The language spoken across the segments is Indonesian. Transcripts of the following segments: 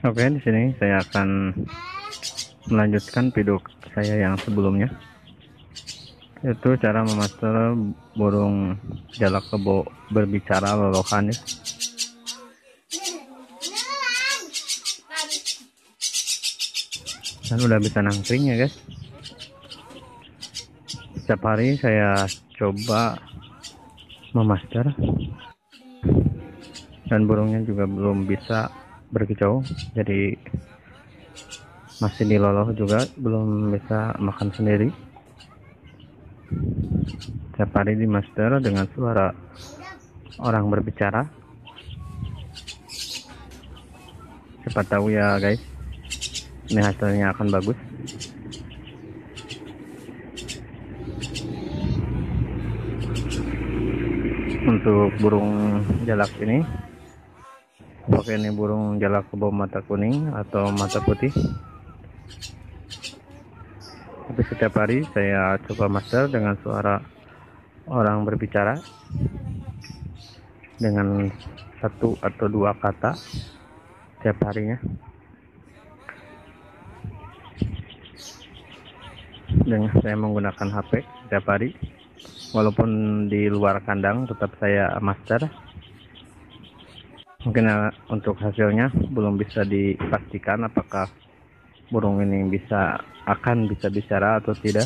Oke, di sini saya akan melanjutkan video saya yang sebelumnya. Itu cara memaster burung jalak kebo berbicara lolokan ya. Dan udah bisa nangkring ya, guys. Setiap hari saya coba memaster dan burungnya juga belum bisa berkicau jadi masih diloloh juga belum bisa makan sendiri setiap hari di master dengan suara orang berbicara cepat tahu ya guys ini hasilnya akan bagus untuk burung jalak ini Oke ini burung jalak kebo mata kuning atau mata putih tapi setiap hari saya coba master dengan suara orang berbicara dengan satu atau dua kata setiap harinya dengan saya menggunakan HP setiap hari walaupun di luar kandang tetap saya master mungkin eh, untuk hasilnya belum bisa dipastikan apakah burung ini bisa akan bisa bicara atau tidak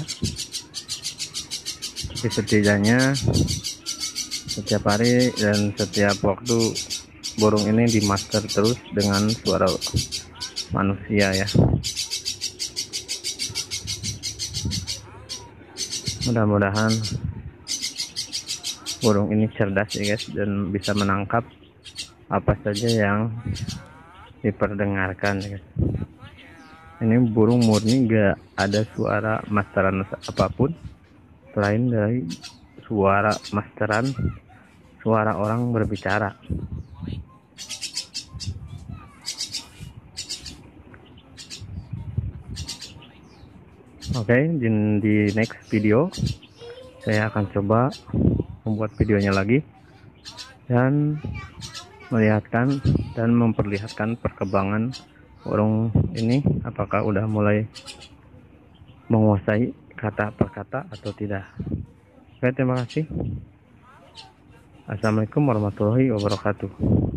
tapi setidaknya setiap hari dan setiap waktu burung ini dimaster terus dengan suara manusia ya mudah-mudahan burung ini cerdas ya guys dan bisa menangkap apa saja yang diperdengarkan ini burung murni gak ada suara masteran apapun selain dari suara masteran suara orang berbicara oke okay, di, di next video saya akan coba membuat videonya lagi dan melihatkan dan memperlihatkan perkembangan warung ini apakah udah mulai menguasai kata per kata atau tidak oke terima kasih assalamualaikum warahmatullahi wabarakatuh